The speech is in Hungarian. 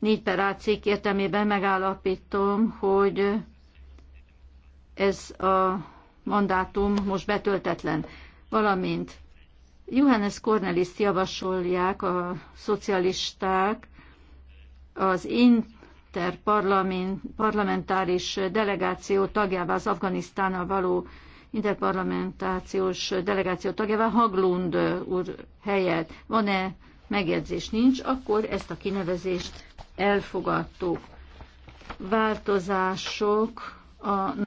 4 per A cikk értelmében megállapítom, hogy ez a mandátum most betöltetlen. Valamint Johannes Cornelis javasolják a szocialisták az interparlamentáris delegáció tagjává, az Afganisztánnal való interparlamentációs delegáció tagjává Haglund úr helyett. Van-e megjegyzés? Nincs, akkor ezt a kinevezést elfogadtuk. Változások a